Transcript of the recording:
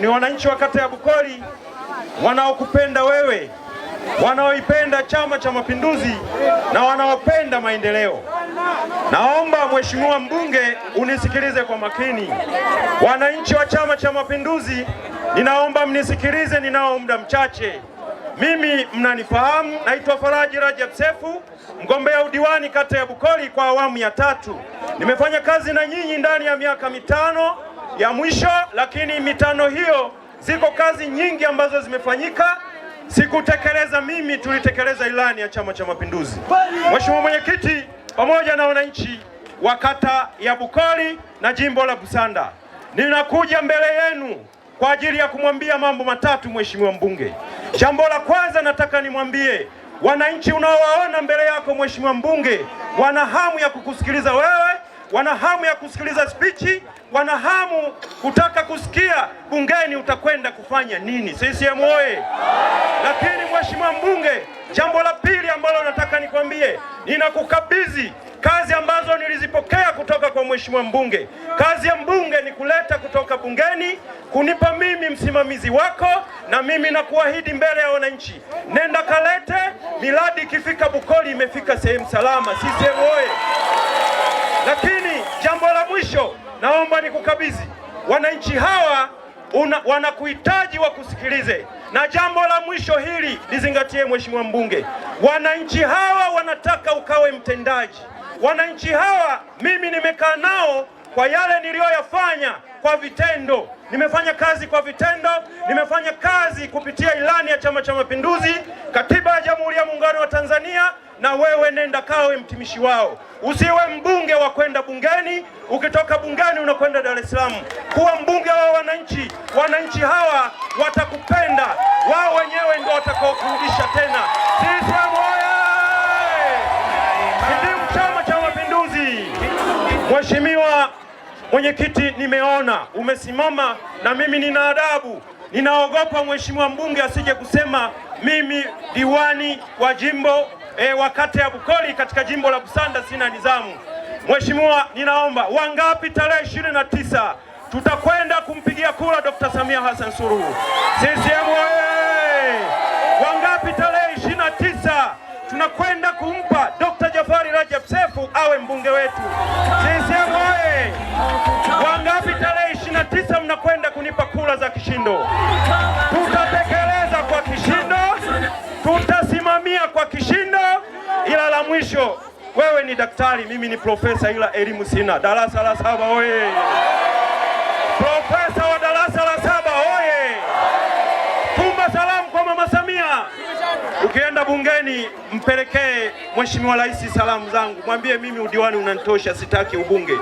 Ni wananchi wa kata ya bukoli wanaokupenda wewe, wanaoipenda Chama cha Mapinduzi na wanaopenda maendeleo. Naomba mheshimiwa mbunge unisikilize kwa makini. Wananchi wa Chama cha Mapinduzi, ninaomba mnisikilize, ninao muda mchache. Mimi mnanifahamu, naitwa Faraji Rajab Sefu, mgombea udiwani kata ya bukoli kwa awamu ya tatu. Nimefanya kazi na nyinyi ndani ya miaka mitano ya mwisho, lakini mitano hiyo ziko kazi nyingi ambazo zimefanyika. Sikutekeleza mimi, tulitekeleza ilani ya Chama cha Mapinduzi. Mheshimiwa Mwenyekiti, pamoja na wananchi wa kata ya Bukoli na jimbo la Busanda, ninakuja mbele yenu kwa ajili ya kumwambia mambo matatu Mheshimiwa Mbunge. Jambo la kwanza nataka nimwambie wananchi unaowaona mbele yako Mheshimiwa Mbunge, wana hamu ya kukusikiliza wewe wana hamu ya kusikiliza spichi, wana hamu kutaka kusikia bungeni utakwenda kufanya nini. CCM oye! Lakini mheshimiwa mbunge, jambo la pili ambalo nataka nikwambie, ninakukabidhi kazi ambazo nilizipokea kutoka kwa mheshimiwa mbunge. Kazi ya mbunge ni kuleta kutoka bungeni, kunipa mimi msimamizi wako, na mimi nakuahidi mbele ya wananchi, nenda kalete miradi. Ikifika Bukoli imefika sehemu salama. CCM oye! Lakini Jambo la mwisho naomba nikukabidhi, wananchi hawa wanakuhitaji wakusikilize. Na jambo la mwisho hili lizingatie, mheshimiwa mbunge, wananchi hawa wanataka ukawe mtendaji. Wananchi hawa mimi nimekaa nao kwa yale niliyoyafanya kwa vitendo. Nimefanya kazi kwa vitendo, nimefanya kazi kupitia ilani ya Chama cha Mapinduzi, katiba ya na wewe nenda kawe mtumishi wao. Usiwe mbunge wa kwenda bungeni, ukitoka bungeni unakwenda Dar es Salaam. Kuwa mbunge wa wananchi. Wananchi hawa watakupenda, wao wenyewe ndio watakaokurudisha tena. CCM oyee! Ndio Chama cha Mapinduzi. Mheshimiwa Mwenyekiti, nimeona umesimama na mimi nina adabu, ninaogopa mheshimiwa mbunge asije kusema mimi diwani wa jimbo e, wa kata ya Bukoli katika jimbo la Busanda sina nizamu. Mheshimiwa, ninaomba wangapi, tarehe ishirini na tisa tutakwenda kumpigia kura Dr. Samia Hassan Suluhu CCM oye! Wangapi tarehe ishirini na tisa tunakwenda kumpa Dr. Jafari Rajab Sefu awe mbunge wetu CCM oye! Wangapi tarehe ishirini na tisa mnakwenda kunipa kura za kishindo? Wewe ni daktari, mimi ni profesa, ila elimu sina. Darasa la saba oye! Profesa wa darasa la saba oye! Tuma salamu kwa mama Samia. Ukienda bungeni, mpelekee mheshimiwa rais salamu zangu, mwambie mimi udiwani unanitosha, sitaki ubunge.